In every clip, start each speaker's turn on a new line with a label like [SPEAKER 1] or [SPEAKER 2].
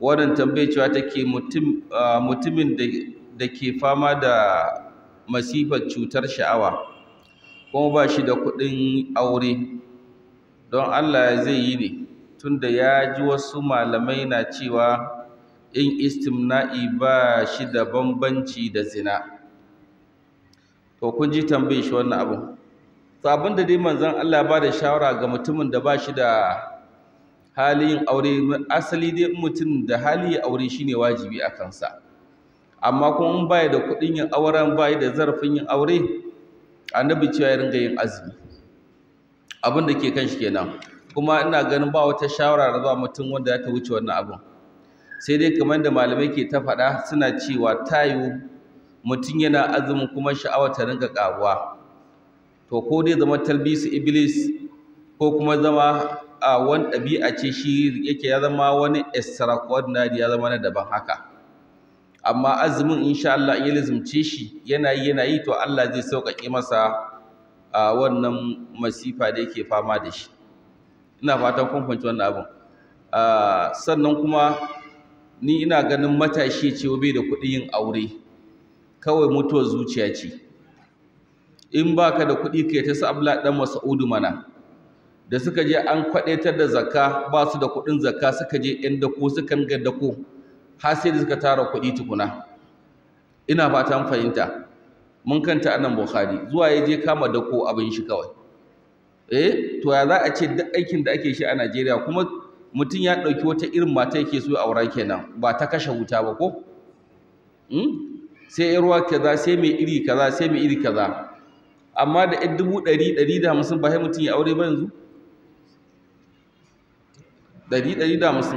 [SPEAKER 1] wannan tambayar cewa take mutumin da ke fama da masifar cutar sha'awa kuma ba shi da kuɗin aure don Allah zai yi ne tunda ya ji wasu malamai na cewa in istimna'i ba shi da bambanci da zina to kun ji tambayar shi wannan abin to abin da dai manzon Allah ba da shawara ga mutumin da ba shi da hali aure asali dai mutum da hali ya aure shine wajibi a kansa amma kuma in baya da kuɗin yin auren baya da zarafin yin aure annabi cewa ya ringa yin azumi abin da ke kan shi kenan kuma ina ganin ba wata shawara da za mutum wanda ya ta wuce wannan abin sai dai kamar da malamai ke ta faɗa suna cewa tayu mutum yana azumin kuma sha'awa ta ringa ƙaruwa to ko dai zama talbisu iblis ko kuma zama a wani ɗabi'a ce shi yake ya zama wani extraordinary ya zama na daban haka amma azumin insha Allah in ya lazumce shi yana yi yana yi to Allah zai sauƙaƙe masa a wannan masifa da yake fama da shi ina fatan kun fahimci wannan abin sannan kuma ni ina ganin matashi ce bai da kuɗi yin aure kawai mutuwar zuciya ce in baka da kuɗi kai ta sa sabla dan Mas'udu mana da suka je an kwadaitar da zakka ba su da kuɗin zakka suka je yan dako suka ga dako har sai da suka tara kuɗi tukuna ina fatan fahimta mun kanta anan bukhari zuwa ya je kama dako abin shi kawai eh to ya za a ce duk aikin da ake shi a Najeriya kuma mutum ya ɗauki wata irin mata yake so aura kenan ba ta kashe wuta ba ko hmm? sai ruwa kaza sai mai iri kaza sai mai iri kaza amma da da 150 ba sai mutum ya aure ba yanzu ɗari ɗari da musu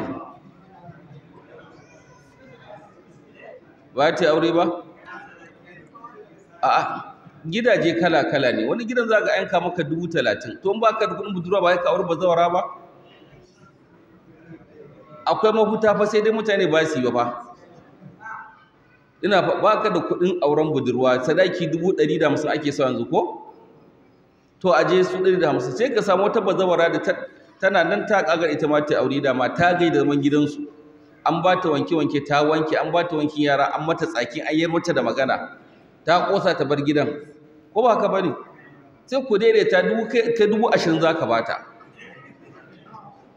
[SPEAKER 1] ba ta aure ba a'a gidaje kala kala ne wani gidan za ka yanka maka dubu talatin to in ba ka da kuɗin budurwa ba ka aure ba zawara ba akwai mafuta fa sai dai mutane ba su yi ba ina ba ka da kuɗin auren budurwa sadaki dubu ɗari da hamsin ake sa yanzu ko to aje su ɗari da hamsin sai ka samu wata bazawara da ta tana nan ta kagar ita ma ta aure dama ta gaida da zaman gidansu an ba ta wanke wanke ta wanke an ba ta wankin yara an mata tsaki an yi mata da magana ta kosa ta bar gidan ko ba ka bane sai ku daidaita dubu kai dubu ashirin za ka bata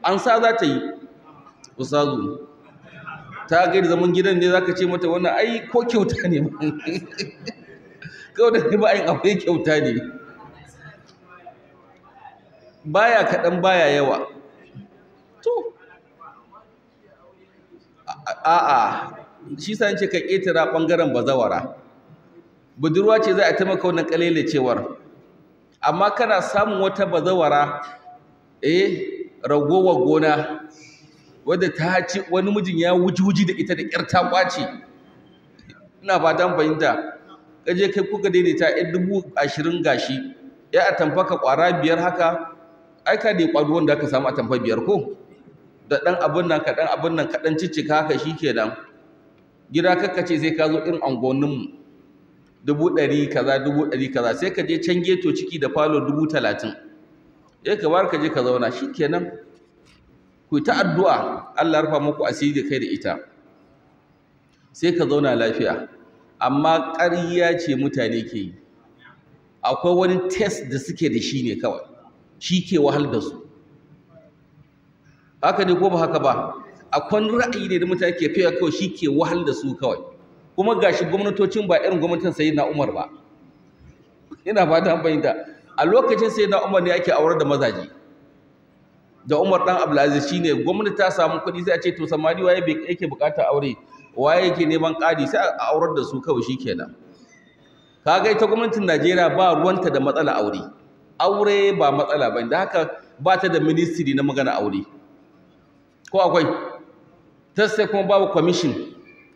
[SPEAKER 1] an sa za ta yi usazu ta gaida da zaman gidan ne za ka ce mata wannan ai ko kyauta ne kawai da ba a yin aure kyauta ne baya kaɗan baya yawa to a'a shi sa ce ka ƙetara ɓangaren bazawara budurwa ce za a taimaka wannan cewar. amma kana samun wata bazawara eh ragowar gona wadda ta ci wani mijin ya wuji-wuji da ita da ƙyar ta kwace ina fatan fahimta kaje kai kuka daidaita 'yan dubu ashirin gashi ya a tamfaka ƙwara biyar haka ai ka dai kwado wanda aka samu a tamfa biyar ko da dan abun nan ka dan abun nan ka dan ciccika haka shikenan gida kakkace sai ka zo irin angonin mu dubu ɗari kaza dubu ɗari kaza sai ka je can geto ciki da falo dubu talatin ya ka bar ka je ka zauna shikenan ku ta addu'a Allah rufa muku asiri da kai da ita sai ka zauna lafiya amma ƙarya ce mutane ke yi akwai wani test da suke da shi ne kawai shi ke wahal da su haka ne ko ba haka ba akwai ra'ayi ne da mutane ke fiye kawai shi ke wahal da su kawai kuma ga shi gwamnatocin ba irin gwamnatin sayi na umar ba ina ta an fahimta a lokacin sayi na umar ne ake aurar da mazaje da umar dan abdulaziz shine gwamnati ta samu kuɗi sai a ce to samari waye yake bukatar aure waye yake neman ƙari sai a aurar da su kawai shi kenan kaga ita gwamnatin najeriya ba ruwanta da matsala aure aure ba matsala ba da haka ba ta da ministry na magana aure ko akwai ta sai kuma babu commission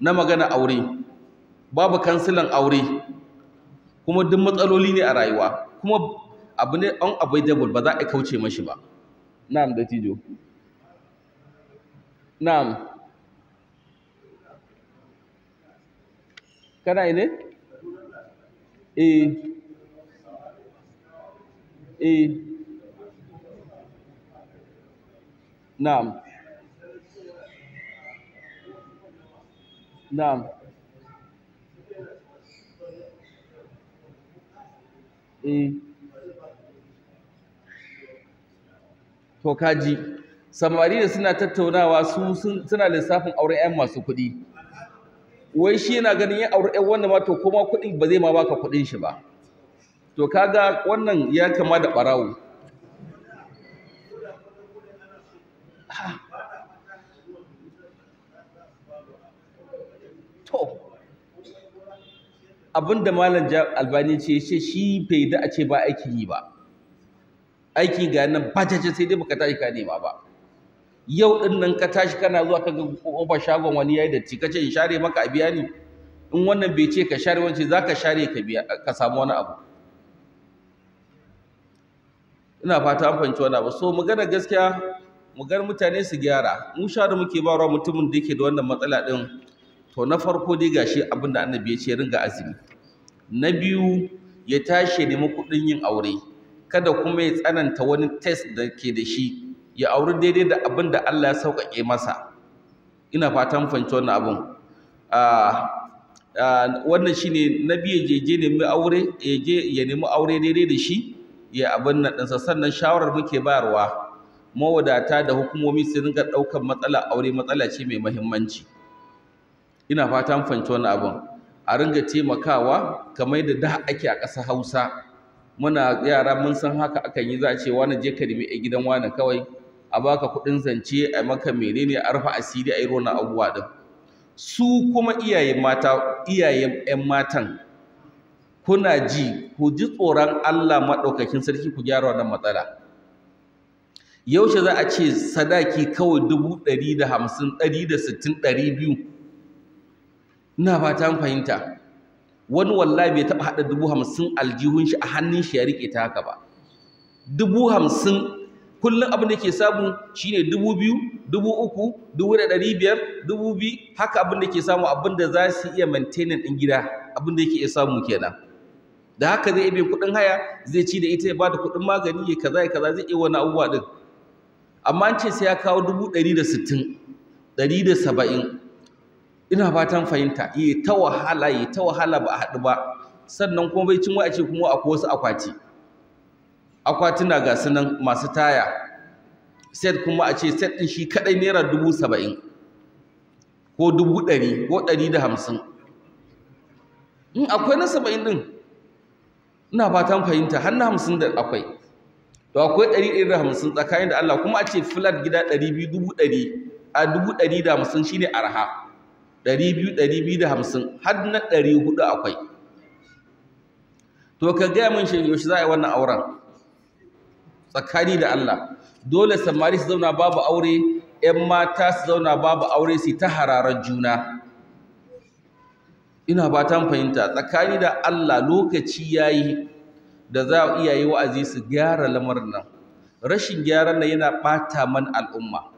[SPEAKER 1] na magana aure babu kansilan aure kuma duk matsaloli ne a rayuwa kuma abu ne an avoidable ba za a kauce mashi ba na'am da tijo na'am kana ne eh e Na'am. Eh. To kaji samari da suna tattaunawa su suna lissafin auren 'yan masu kuɗi wai shi yana ganin yin auren 'yan wanda ma to koma kuɗin ba zai ma baka kuɗin shi ba to kaga wannan ya kama da barawo to abinda malam albani ce ce shi bai a ce ba aiki yi ba aiki ga nan ce sai dai baka tashi ka nema ba yau din nan ka tashi kana zuwa ka ga kofar shagon wani yayi ci ka ce in share maka a biya ni in wannan bai ce ka share ce, za ka share ka biya ka samu wani abu ina fata an fahimci wani abu so magana gaskiya mu ga mutane su gyara mu sha da muke ba mutumin da yake da wannan matsala din to na farko dai gashi abin da annabi ya ce ringa azumi na biyu ya tashi nemi kuɗin yin aure kada kuma ya tsananta wani test da ke da shi ya auri daidai da abin da Allah ya sauƙaƙe masa ina fatan fahimci wannan abin ah, ah, wannan shine na biyu ya je nemi aure ya je ya nemi aure daidai da shi ya abin nan ɗinsa sannan shawarar muke bayarwa mawadata da hukumomi su dinga ɗaukar matsala aure matsala ce mai mahimmanci ina fata an fahimci wani abin a ringa taimakawa kamar da da ake a ƙasar Hausa muna yara mun san haka akan yi za a ce wani je ka nemi a gidan wani kawai a baka kuɗin zance a maka menene a rufe asiri a yi rona abubuwa ɗin su kuma iyaye mata iyayen 'yan matan kuna ji ku ji tsoron Allah maɗaukakin sarki ku gyara wannan matsala yaushe za a ce sadaki kawai dubu ɗari da hamsin ɗari da sittin ɗari biyu ina fata fahimta wani wallahi bai taɓa haɗa dubu hamsin aljihun shi a hannun shi ya riƙe ta haka ba dubu hamsin kullum abin da ke samu shine dubu biyu dubu uku dubu da ɗari biyar dubu biyu haka abin da ke samu abin da za su iya maintainin ɗin gida abin da yake iya samu kenan da haka zai ibe kudin haya zai ci da ita ya bada kudin magani ya kaza ya kaza zai iya wani abubuwa din amma an ce sai ya kawo dubu ɗari da sittin ɗari da saba'in ina fatan fahimta yi ta wahala yi ta wahala ba a haɗu ba sannan kuma bai cin wa'ace kuma akwai wasu akwati na ga sunan nan masu taya set kuma a ce set ɗin shi kaɗai naira dubu saba'in ko dubu ɗari ko ɗari da hamsin in akwai na saba'in ɗin ina fatan fahimta har na hamsin da akwai to akwai ɗari ɗari da hamsin tsakanin da Allah kuma a ce flat gida ɗari biyu dubu ɗari a dubu ɗari da hamsin shine arha ɗari biyu ɗari biyu da hamsin har na ɗari hudu akwai to ka gaya min shi yaushe za a yi wannan auren tsakani da Allah dole samari su zauna babu aure 'yan mata su zauna babu aure su yi ta hararar juna ina fatan fahimta tsakani da Allah lokaci ya yi da za iya yi wa'azi su gyara lamarin nan rashin gyaran nan yana bata man al'umma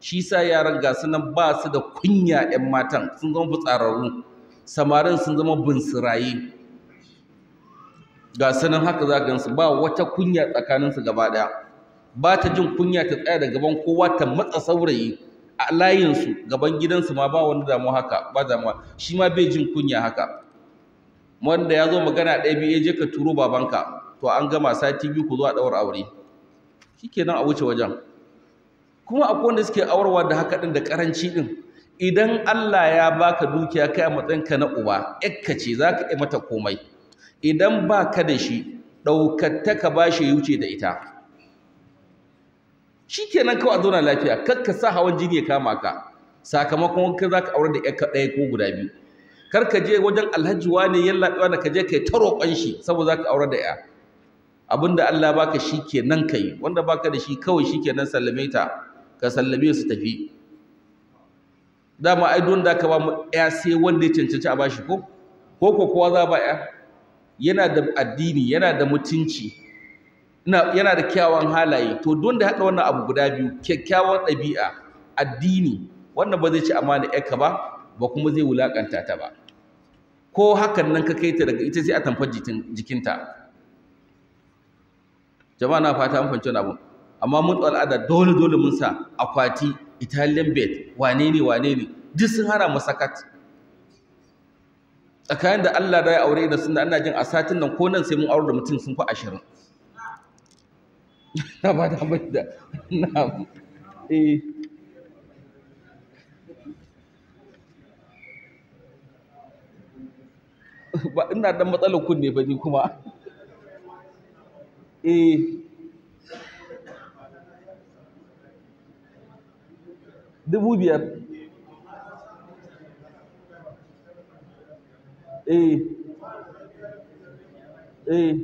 [SPEAKER 1] shi sa yaran ga su nan ba su da kunya 'yan matan sun zama fitsararru samarin sun zama binsiraye ga su nan haka za su ba wata kunya tsakaninsu gaba ɗaya ba ta jin kunya ta tsaya da gaban kowa ta matsa saurayi a layinsu gaban gidansu ma ba wani damuwa haka ba damuwa shi ma bai jin kunya haka wanda ya zo magana ɗaya biyu ya je ka turo babanka to an gama sati biyu ku zo a ɗaura aure shikenan a wuce wajen kuma akwai wanda suke awarwa da haka ɗin da ƙaranci ɗin idan Allah ya baka dukiya kai a matsayin ka na uba ƴakka ce za ka yi mata komai idan ba ka da shi ɗaukatta ka ba shi ya wuce da ita shikenan kawai a zauna lafiya kar ka sa hawan jini ya kama ka sakamakon kai za ka aure da ƴarka ɗaya ko guda biyu kar ka je wajen alhaji wani yalla ɗaya da ka je kai ta roƙon shi saboda za ka aure da abin da Allah baka shi kenan kai wanda baka da shi kawai shi kenan sallame ta ka sallame su tafi dama ai don da ka ba mu ƴa sai wanda ya cancanci a bashi ko ko kowa za ba ya yana da addini yana da mutunci yana da kyawawan halaye to don da haɗa wannan abu guda biyu kyakkyawan ɗabi'a addini wannan ba zai ci amana yarka ba ba kuma zai wulaƙanta ta ba ko hakan nan ka kai ta daga ita sai a tamfar jikinta jama'a na fata an fahimci wani abu amma mun al'ada dole dole mun sa akwati italian bed wane ne wane ne duk sun hana mu tsakanin da Allah da ya aure da sunna ana jin a satin nan ko nan sai mun aure da mutum sun fi ashirin na ba Enam. da eh ba ina matsalar kunne ba ni kuma eh dubu biyar eh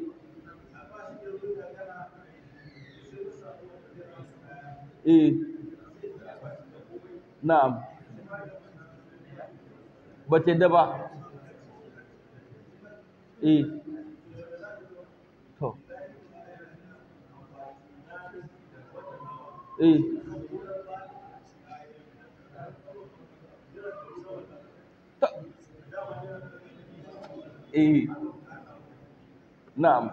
[SPEAKER 1] eh na'am ba ta yadda ba eh to eh eh na'am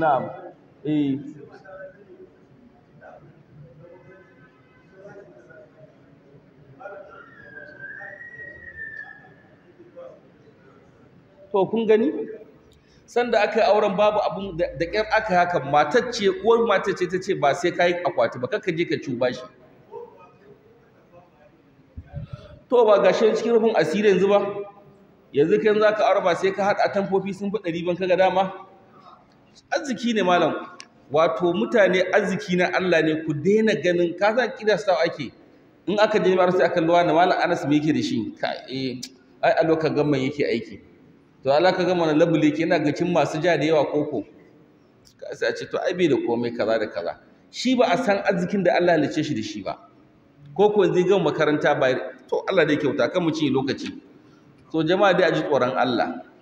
[SPEAKER 1] na'am eh to kun gani sanda aka yi auren babu abun da ƙyar aka haka matar ce uwar matacce ta ce ba sai ka yi akwati ba kakka je ka cuba shi to ba gashin cikin rufin asiri yanzu ba yanzu kan za ka ba sai ka haɗa tamfofi sun fi ɗari ban kaga dama arziki ne malam wato mutane arziki na Allah ne ku daina ganin ka da kidasta ake in aka je ba sai aka luwa na malam Anas me yake da shi ka eh ai a lokacin gamman yake aiki to Allah ka gama na labule yake yana gacin masu ja da yawa koko ka sai a ce to ai bai da komai kaza da kaza shi ba a san arzikin da Allah ya shi da shi ba koko zai gama makaranta ba to Allah da yake kyauta kan mu ci lokaci so jama'a dai a ji tsoron Allah